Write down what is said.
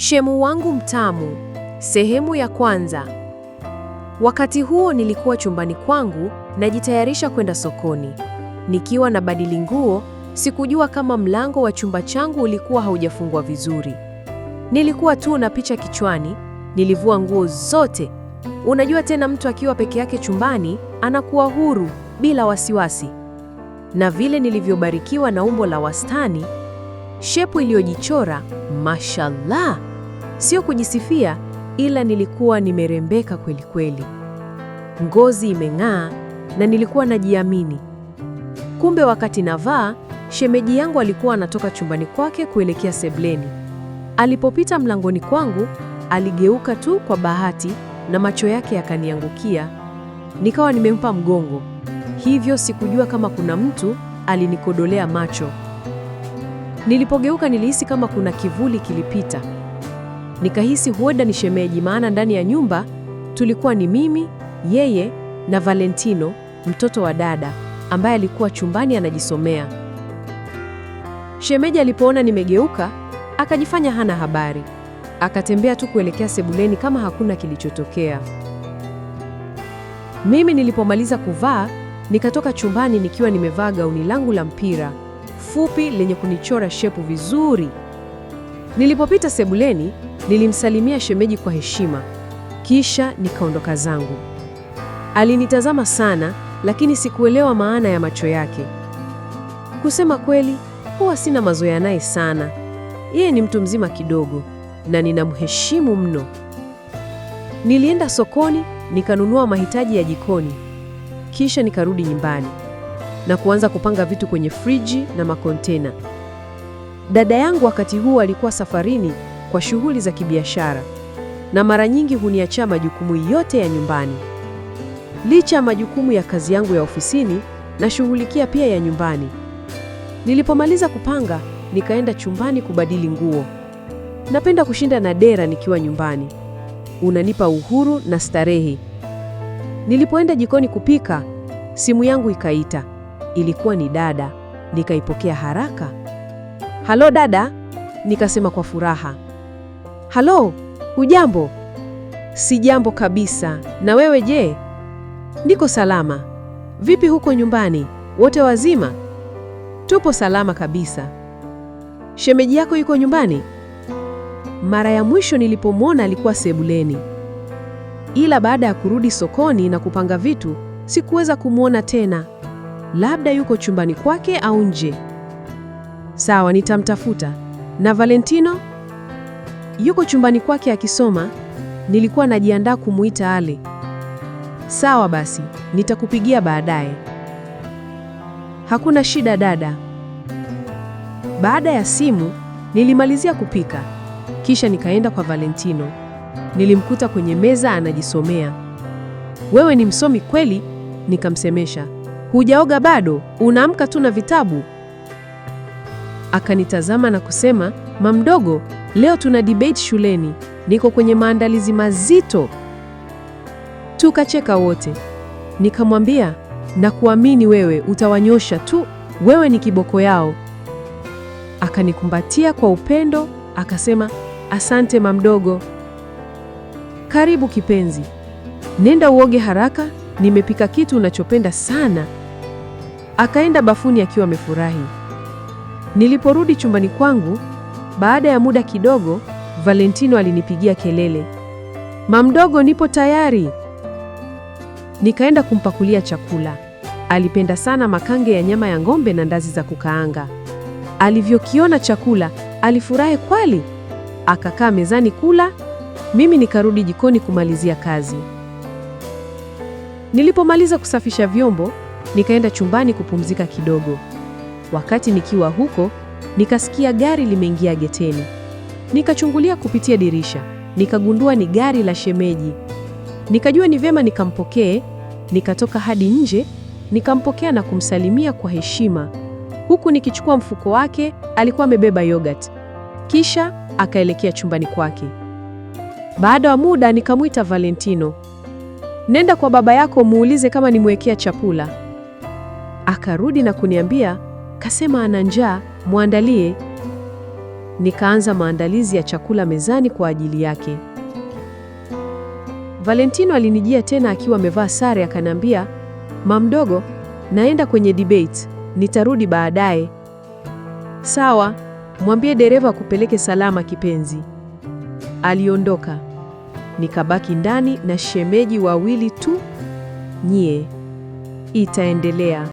Shemu wangu mtamu, sehemu ya kwanza. Wakati huo nilikuwa chumbani kwangu najitayarisha kwenda sokoni. Nikiwa na badili nguo, sikujua kama mlango wa chumba changu ulikuwa haujafungwa vizuri. Nilikuwa tu na picha kichwani, nilivua nguo zote. Unajua tena mtu akiwa peke yake chumbani anakuwa huru bila wasiwasi. Na vile nilivyobarikiwa na umbo la wastani, shepu iliyojichora, mashallah. Sio kujisifia, ila nilikuwa nimerembeka kweli kweli, ngozi imeng'aa na nilikuwa najiamini. Kumbe wakati navaa, shemeji yangu alikuwa anatoka chumbani kwake kuelekea sebleni. Alipopita mlangoni kwangu, aligeuka tu kwa bahati na macho yake yakaniangukia. Nikawa nimempa mgongo, hivyo sikujua kama kuna mtu alinikodolea macho. Nilipogeuka nilihisi kama kuna kivuli kilipita. Nikahisi huenda ni shemeji, maana ndani ya nyumba tulikuwa ni mimi, yeye na Valentino, mtoto wa dada ambaye alikuwa chumbani anajisomea. Shemeji alipoona nimegeuka, akajifanya hana habari, akatembea tu kuelekea sebuleni kama hakuna kilichotokea. Mimi nilipomaliza kuvaa, nikatoka chumbani nikiwa nimevaa gauni langu la mpira fupi lenye kunichora shepu vizuri. Nilipopita sebuleni Nilimsalimia shemeji kwa heshima, kisha nikaondoka zangu. Alinitazama sana, lakini sikuelewa maana ya macho yake. Kusema kweli, huwa sina mazoea naye sana. Yeye ni mtu mzima kidogo na ninamheshimu mno. Nilienda sokoni nikanunua mahitaji ya jikoni, kisha nikarudi nyumbani na kuanza kupanga vitu kwenye friji na makontena. Dada yangu wakati huu alikuwa safarini kwa shughuli za kibiashara na mara nyingi huniachia majukumu yote ya nyumbani. Licha ya majukumu ya kazi yangu ya ofisini, nashughulikia pia ya nyumbani. Nilipomaliza kupanga, nikaenda chumbani kubadili nguo. Napenda kushinda na dera nikiwa nyumbani, unanipa uhuru na starehe. Nilipoenda jikoni kupika, simu yangu ikaita. Ilikuwa ni dada, nikaipokea haraka. Halo dada, nikasema kwa furaha. Halo, hujambo? Si jambo kabisa. Na wewe je? Niko salama. Vipi huko nyumbani? Wote wazima? Tupo salama kabisa. Shemeji yako yuko nyumbani? Mara ya mwisho nilipomwona alikuwa sebuleni, ila baada ya kurudi sokoni na kupanga vitu sikuweza kumwona tena. Labda yuko chumbani kwake au nje. Sawa, nitamtafuta. Na Valentino? Yuko chumbani kwake akisoma. Nilikuwa najiandaa kumuita Ale. Sawa basi, nitakupigia baadaye. Hakuna shida dada. Baada ya simu, nilimalizia kupika. Kisha nikaenda kwa Valentino. Nilimkuta kwenye meza anajisomea. Wewe ni msomi kweli, nikamsemesha. Hujaoga bado? Unaamka tu na vitabu. Akanitazama na kusema, mamdogo, Leo tuna debate shuleni, niko kwenye maandalizi mazito. Tukacheka wote, nikamwambia nakuamini wewe, utawanyosha tu, wewe ni kiboko yao. Akanikumbatia kwa upendo, akasema asante mamdogo. Karibu kipenzi, nenda uoge haraka, nimepika kitu unachopenda sana. Akaenda bafuni akiwa amefurahi. Niliporudi chumbani kwangu baada ya muda kidogo, Valentino alinipigia kelele, mamdogo, nipo tayari. Nikaenda kumpakulia chakula. Alipenda sana makange ya nyama ya ng'ombe na ndazi za kukaanga. Alivyokiona chakula alifurahi kweli, akakaa mezani kula. Mimi nikarudi jikoni kumalizia kazi. Nilipomaliza kusafisha vyombo, nikaenda chumbani kupumzika kidogo. Wakati nikiwa huko nikasikia gari limeingia geteni. Nikachungulia kupitia dirisha, nikagundua ni gari la shemeji. Nikajua ni vyema nikampokee, nikatoka hadi nje, nikampokea na kumsalimia kwa heshima, huku nikichukua mfuko wake. Alikuwa amebeba yogurt. Kisha akaelekea chumbani kwake. Baada ya muda nikamwita Valentino, nenda kwa baba yako muulize kama nimwekea chakula. Akarudi na kuniambia kasema ana njaa mwandalie. Nikaanza maandalizi ya chakula mezani kwa ajili yake. Valentino alinijia tena akiwa amevaa sare, akaniambia, mamdogo, naenda kwenye debate, nitarudi baadaye. Sawa, mwambie dereva akupeleke salama kipenzi. Aliondoka, nikabaki ndani na shemeji wawili tu. Nyie, itaendelea.